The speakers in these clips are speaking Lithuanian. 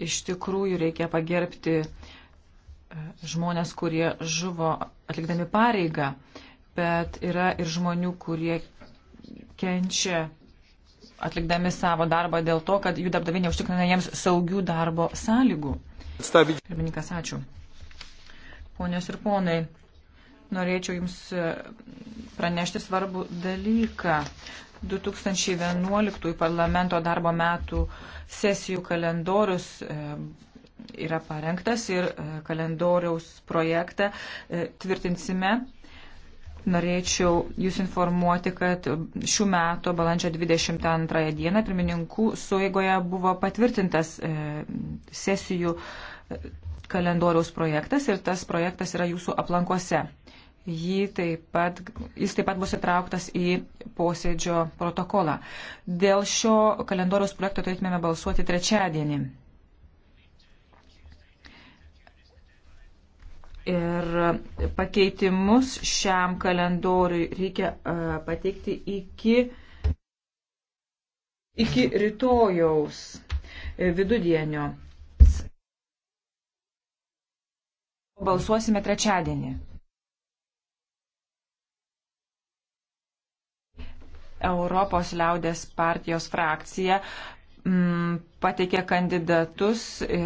Iš tikrųjų reikia pagerbti e, žmonės, kurie žuvo atlikdami pareigą, bet yra ir žmonių, kurie kenčia atlikdami savo darbą dėl to, kad jų darbdaviai neužtikrina jiems saugių darbo sąlygų. Stabyti. Pirmininkas, ačiū. Ponios ir ponai, norėčiau Jums e, pranešti svarbų dalyką. 2011 parlamento darbo metų sesijų kalendorius e, yra parengtas ir e, kalendoriaus projektą e, tvirtinsime. Norėčiau Jūs informuoti, kad šių metų balandžio 22 dieną pirmininkų suėgoje buvo patvirtintas sesijų kalendoriaus projektas ir tas projektas yra Jūsų aplankose jį taip pat, jis taip pat bus įtrauktas į posėdžio protokolą. Dėl šio kalendoriaus projekto turėtumėme balsuoti trečiadienį. Ir pakeitimus šiam kalendoriui reikia uh, pateikti iki, iki rytojaus e, vidudienio. Balsuosime trečiadienį. Europos liaudės partijos frakcija m, mm, pateikė kandidatus e,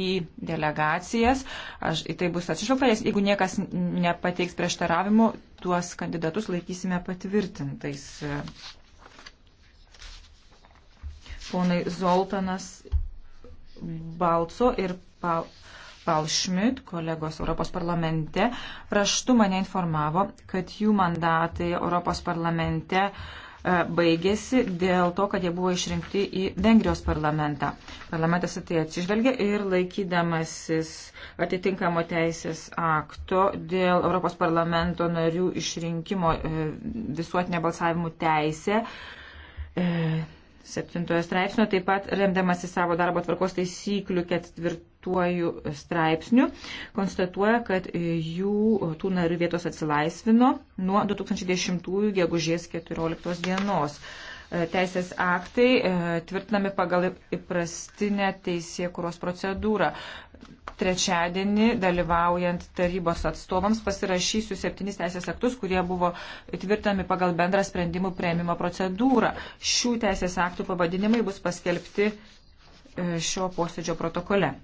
į delegacijas. Aš, į tai bus atsižvelgta, nes jeigu niekas nepateiks prieštaravimų, tuos kandidatus laikysime patvirtintais. Ponai Zoltanas Balco ir Pal. Paul Schmidt, kolegos Europos parlamente, raštu mane informavo, kad jų mandatai Europos parlamente e, baigėsi dėl to, kad jie buvo išrinkti į Vengrijos parlamentą. Parlamentas tai atsižvelgia ir laikydamasis atitinkamo teisės akto dėl Europos parlamento narių išrinkimo e, visuotinė balsavimų teisė. E, septintojo straipsnio taip pat remdamasi savo darbo tvarkos taisyklių ketvirt penktuoju straipsniu, konstatuoja, kad jų tų narių vietos atsilaisvino nuo 2010 gegužės 14 dienos. E, teisės aktai e, tvirtinami pagal įprastinę teisėkuros procedūrą. Trečiadienį, dalyvaujant tarybos atstovams, pasirašysiu septynis teisės aktus, kurie buvo tvirtinami pagal bendrą sprendimų prieimimo procedūrą. Šių teisės aktų pavadinimai bus paskelbti e, šio posėdžio protokole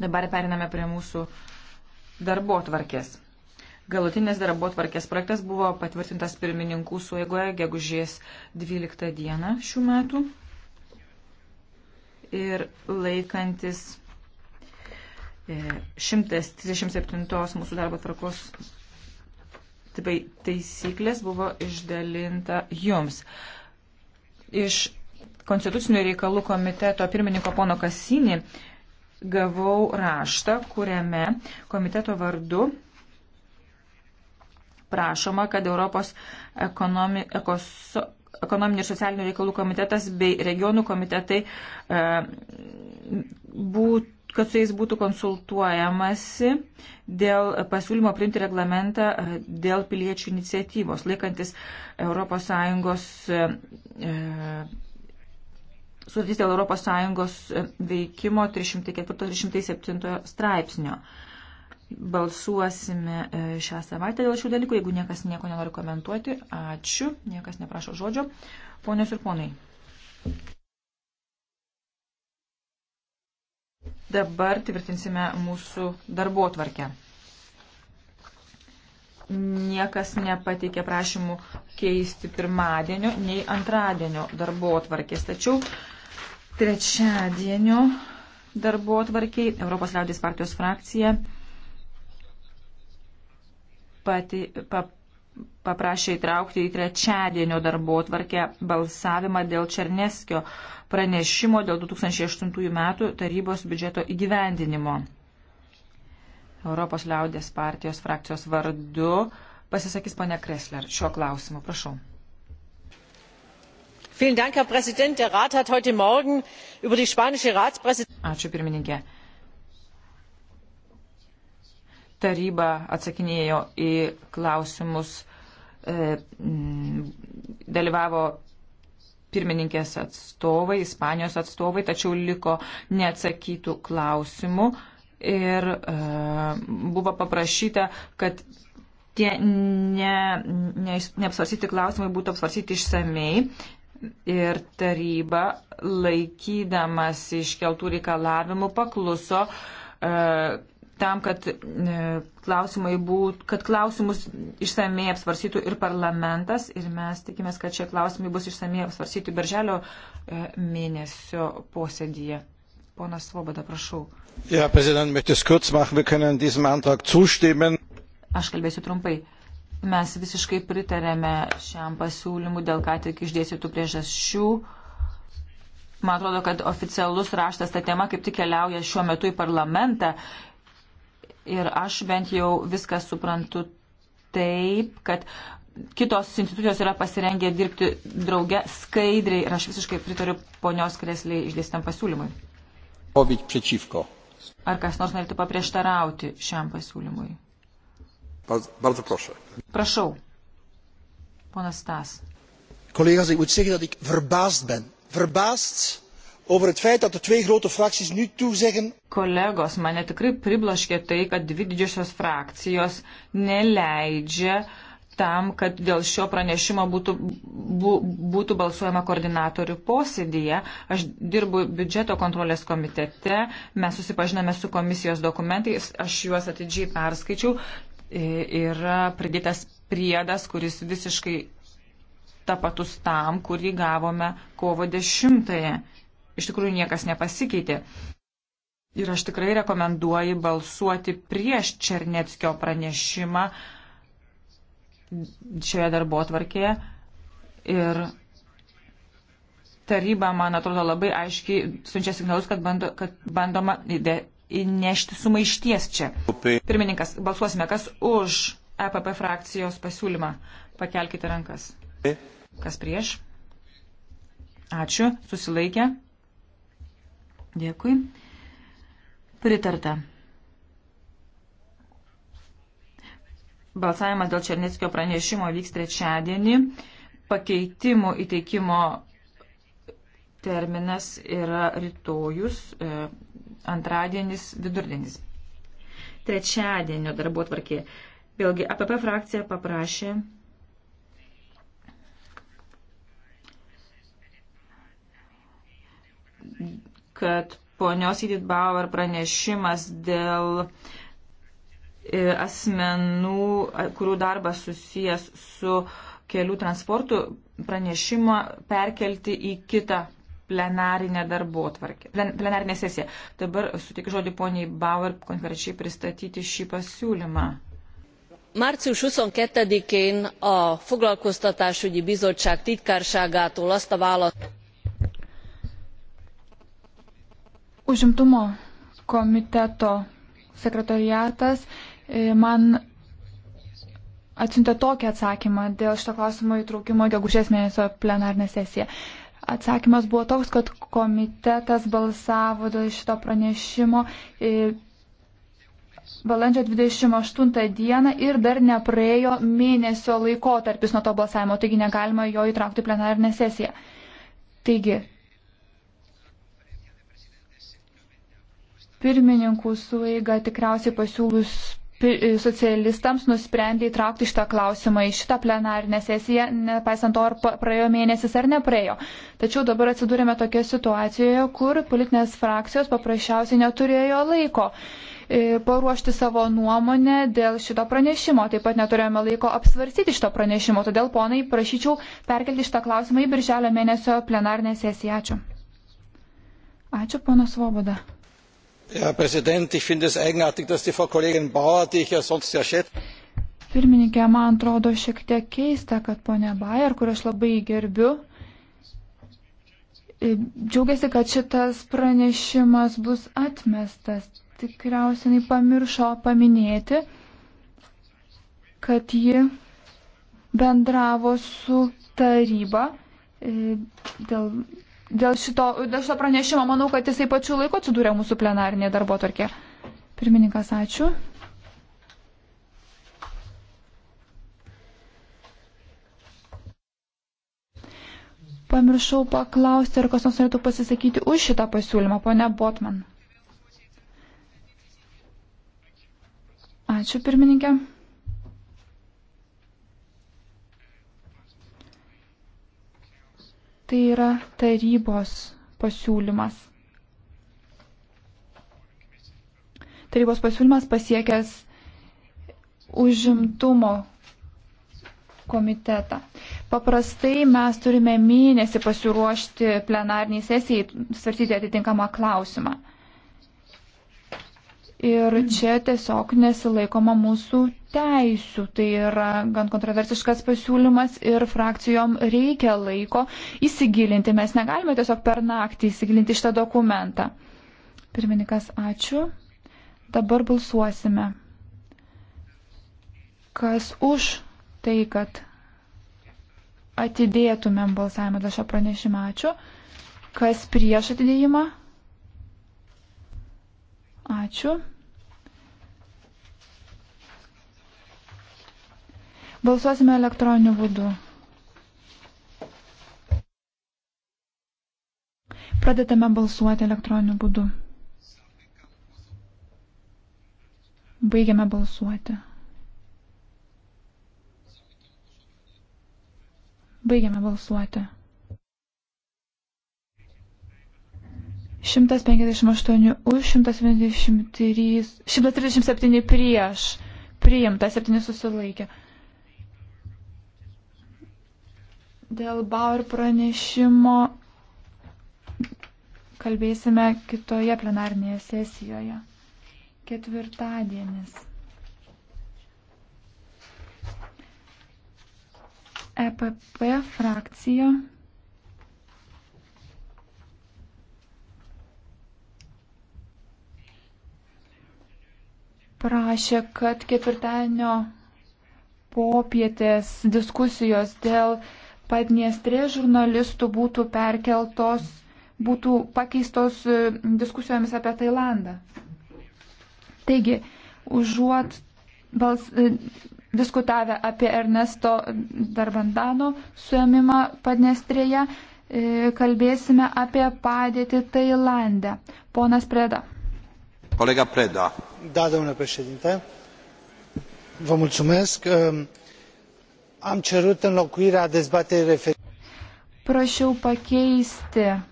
Dabar periname prie mūsų darbo tvarkės. Galutinės darbo tvarkės projektas buvo patvirtintas pirmininkų suėgoje gegužės 12 dieną šių metų. Ir laikantis 137 e, mūsų darbo tvarkos tai taisyklės buvo išdalinta jums. Iš Konstitucinių reikalų komiteto pirmininko pono Kasinį gavau raštą, kuriame komiteto vardu prašoma, kad Europos ekonomi, ekos, ekonominių ir socialinių reikalų komitetas bei regionų komitetai e, būtų kad su jais būtų konsultuojamasi dėl pasiūlymo priimti reglamentą e, dėl piliečių iniciatyvos, laikantis ES sutartys dėl ES e, veikimo 304-307 straipsnio. Balsuosime e, šią savaitę dėl šių dalykų. Jeigu niekas nieko nenori komentuoti, ačiū, niekas neprašo žodžio. Ponios ir ponai. Dabar tvirtinsime mūsų darbo tvarkę niekas nepateikė prašymų keisti pirmadienio nei antradienio darbo atvarkės. Tačiau trečiadienio darbo atvarkiai Europos liaudės partijos frakcija pati, pa, paprašė įtraukti į trečiadienio darbo atvarkę balsavimą dėl Černeskio pranešimo dėl 2008 metų tarybos biudžeto įgyvendinimo. Europos liaudės partijos frakcijos vardu pasisakys ponia Kresler šiuo klausimu. Prašau herr präsident! der rat hat heute morgen über die spanische ratspräsidentschaft. taryba atsakinėjo į klausimus e, dalyvavo pirmininkės atstovai ispanijos atstovai tačiau liko neatsakytų klausimų ir e, buvo paprašyta kad tie ne, ne, neapsvarstyti klausimai būtų apsvarstyti išsamei ir taryba laikydamas iškeltų reikalavimų pakluso e, tam, kad, e, klausimai būt, kad klausimus išsamei apsvarsytų ir parlamentas ir mes tikimės, kad šie klausimai bus išsamei apsvarsyti birželio e, mėnesio posėdyje. Ponas Svoboda, prašau. Ja, Aš kalbėsiu trumpai. Mes visiškai pritarėme šiam pasiūlymu dėl ką tik išdėstytų priežasčių. Man atrodo, kad oficialus raštas tą temą kaip tik keliauja šiuo metu į parlamentą. Ir aš bent jau viską suprantu taip, kad kitos institucijos yra pasirengę dirbti drauge skaidriai ir aš visiškai pritariu ponios kresliai išdėstam pasiūlymui. Ar kas nors norėtų paprieštarauti šiam pasiūlymui? Bardzo proszę. Prašau. Ponas Stas. Collega's, ik moet zeggen dat ik verbaasd ben. Verbaasd over het feit dat de er twee grote fracties nu toezeggen. Kolegos, mane tikrai priblaškė tai, kad dvi didžiosios frakcijos neleidžia tam, kad dėl šio pranešimo būtų, bu, būtų balsuojama koordinatorių posėdėje. Aš dirbu biudžeto kontrolės komitete, mes susipažinome su komisijos dokumentais, aš juos atidžiai perskaičiau yra pridėtas priedas, kuris visiškai tapatus tam, kurį gavome kovo 10-ąją. Iš tikrųjų niekas nepasikeitė. Ir aš tikrai rekomenduoju balsuoti prieš Černetskio pranešimą šioje darbo atvarkėje. Ir taryba, man atrodo, labai aiškiai siunčia signalus, kad, bando, kad bandoma įnešti sumaišties čia. Pirmininkas, balsuosime, kas už EPP frakcijos pasiūlymą. Pakelkite rankas. Kas prieš? Ačiū. Susilaikė. Dėkui. Pritarta. Balsavimas dėl Černieckio pranešimo vyks trečiadienį. Pakeitimų įteikimo terminas yra rytojus, e, antradienis, vidurdienis. Trečiadienio darbo tvarkė. Vėlgi, APP frakcija paprašė kad ponios Edith Bauer pranešimas dėl e, asmenų, kurių darbas susijęs su kelių transportu, pranešimą perkelti į kitą plenarinę darbo tvarkę, plen, plenarinę sesiją. Dabar sutikiu žodį poniai Bauer konkrečiai pristatyti šį pasiūlymą. Március 22-én a Foglalkoztatásügyi Bizottság titkárságától azt a választ. Užimtumo komiteto sekretariatas e, man atsiuntė tokį atsakymą dėl šito klausimo įtraukimo gegužės mėnesio plenarinę sesiją atsakymas buvo toks, kad komitetas balsavo dėl šito pranešimo e, balandžio 28 dieną ir dar nepraėjo mėnesio laikotarpis nuo to balsavimo, taigi negalima jo įtraukti plenarinę sesiją. Taigi, pirmininkų sueiga tikriausiai pasiūlus socialistams nusprendė įtraukti šitą klausimą į šitą plenarinę sesiją, nepaisant to, ar praėjo mėnesis ar nepraėjo. Tačiau dabar atsidūrėme tokia situacijoje, kur politinės frakcijos paprasčiausiai neturėjo laiko e, paruošti savo nuomonę dėl šito pranešimo. Taip pat neturėjome laiko apsvarstyti šito pranešimo. Todėl, ponai, prašyčiau perkelti šitą klausimą į birželio mėnesio plenarinę sesiją. Ačiū. Ačiū, ponas Voboda herr präsident! ich finde es eigenartig dass die frau kollegin bauer die ich ja sonst sehr schätze Pirmininkė, man atrodo šiek tiek keista, kad ponia Bayer, kur aš labai gerbiu, e, džiaugiasi, kad šitas pranešimas bus atmestas. Tikriausiai pamiršo paminėti, kad ji bendravo su taryba e, dėl dėl šito, dėl šito pranešimo manau, kad jisai pačiu laiku atsidūrė mūsų plenarinėje darbo tarkė. Pirmininkas, ačiū. Pamiršau paklausti, ar kas nors norėtų pasisakyti už šitą pasiūlymą, ponia Botman. Ačiū, pirmininkė. Tai yra tarybos pasiūlymas. Tarybos pasiūlymas pasiekęs užimtumo komitetą. Paprastai mes turime mėnesį pasiruošti plenarniai sesijai svarstyti atitinkamą klausimą. Ir čia tiesiog nesilaikoma mūsų teisių. Tai yra gan kontroversiškas pasiūlymas ir frakcijom reikia laiko įsigilinti. Mes negalime tiesiog per naktį įsigilinti šitą dokumentą. Pirmininkas, ačiū. Dabar balsuosime. Kas už tai, kad atidėtumėm balsavimą dėl šio pranešimo, ačiū. Kas prieš atidėjimą? Ačiū. Balsuosime elektroniniu būdu. Pradedame balsuoti elektroniniu būdu. Baigiame balsuoti. Baigiame balsuoti. 158 už, 123, 137 prieš, priimta, 7 susilaikė. Dėl Bauer pranešimo kalbėsime kitoje plenarnėje sesijoje. Ketvirtadienis. EPP frakcija prašė, kad ketvirtadienio popietės diskusijos dėl Padniestrės žurnalistų būtų perkeltos, būtų pakeistos e, diskusijomis apie Tailandą. Taigi, užuot bals, e, diskutavę apie Ernesto Darbandano suėmimą Padniestrėje, e, kalbėsime apie padėtį Tailande. Ponas Preda. Ehm, am cerut înlocuirea dezbaterii referitoare prašiau pakeisti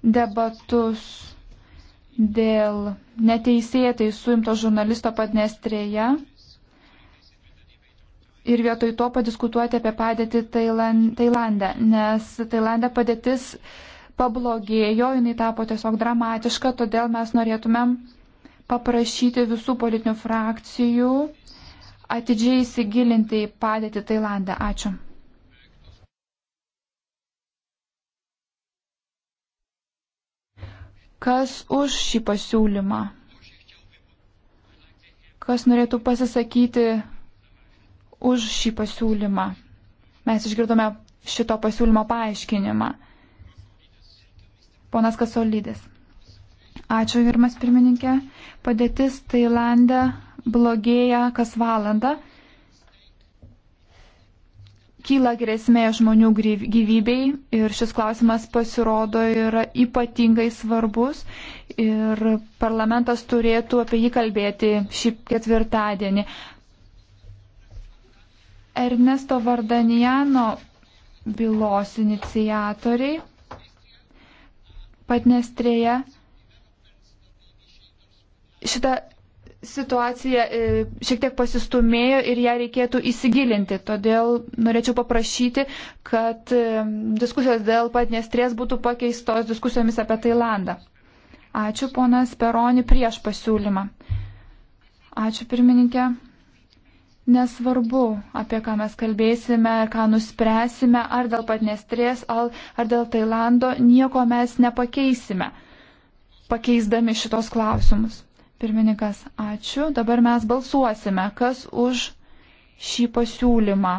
debatus dėl neteisėtai suimto žurnalisto Padnestrėje ir vietoj to padiskutuoti apie padėtį Tailande, nes Tailande padėtis pablogėjo, jinai tapo tiesiog dramatiška, todėl mes norėtumėm paprašyti visų politinių frakcijų atidžiai įsigilinti į padėtį Tailandę. Ačiū. Kas už šį pasiūlymą? Kas norėtų pasisakyti už šį pasiūlymą? Mes išgirdome šito pasiūlymo paaiškinimą. Ponas Kasolydis. Ačiū, Irmas pirmininkė. Padėtis Tailande blogėja kas valandą. Kyla grėsmė žmonių gyvybei ir šis klausimas pasirodo yra ypatingai svarbus ir parlamentas turėtų apie jį kalbėti šį ketvirtadienį. Ernesto Vardanijano bylos inicijatoriai Padnestrėje šitą situacija e, šiek tiek pasistumėjo ir ją reikėtų įsigilinti. Todėl norėčiau paprašyti, kad e, diskusijos dėl Padnestrės būtų pakeistos diskusijomis apie Tailandą. Ačiū ponas Peroni prieš pasiūlymą. Ačiū pirmininkė. Nesvarbu, apie ką mes kalbėsime ir ką nuspręsime, ar dėl Padnestrės, ar dėl Tailando, nieko mes nepakeisime, pakeisdami šitos klausimus. Pirmininkas, ačiū. Dabar mes balsuosime, kas už šį pasiūlymą.